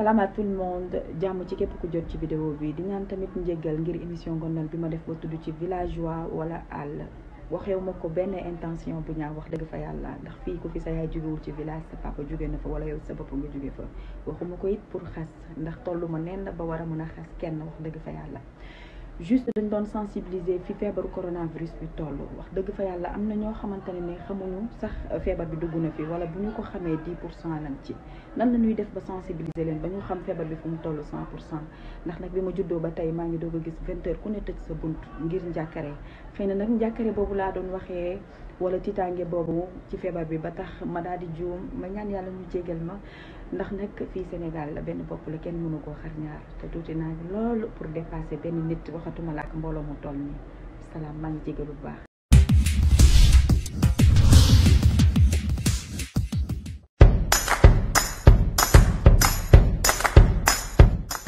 salaam à tout monde jàmm ci képp ku jot ci vidéo bi di ñaan tamit njégal ngir émission ngondal bi ma def ba tudd ci villageois wala àll waxewu ma ko benn intention bu ñaaw wax dëgg fa yàlla ndax fii ko fi sa yaay jógewul ci village sa papa jóge na fa wala yow sa bopp nga jóge fa waxuma ko it pour xas ndax tollu ma nen ba war a mën a xas kenn wax dëgg fa yàlla juste dañ doon sensibiliser fi feebaru coronavirus bi toll wax dëgg fa yàlla am na ñoo xamante ne xamuñu sax feebar bi dugg na fi wala bu ñu ko xamee dix pour cent lañ ci nan la ñuy def ba sensibiliser leen ba ñu xam feebar bi fu mu toll cent pour cent ndax nag bi ma juddoo ba tey maa ngi doog a gis vingt ku ne tëj sa bunt ngir njàkkare xëy na nag njàkkare boobu laa doon waxee wala tiitaange boobu ci feebar bi ba tax ma daal di juum ma ñaan yàlla ñu jégal ma ndax nag fii Sénégal la benn bopp la kenn mënu koo xar ñaar te tuuti naa loolu pour dépasser benn nit waxatuma la ak mbooloo mu toll nii salaam maa ngi jégalu bu baax.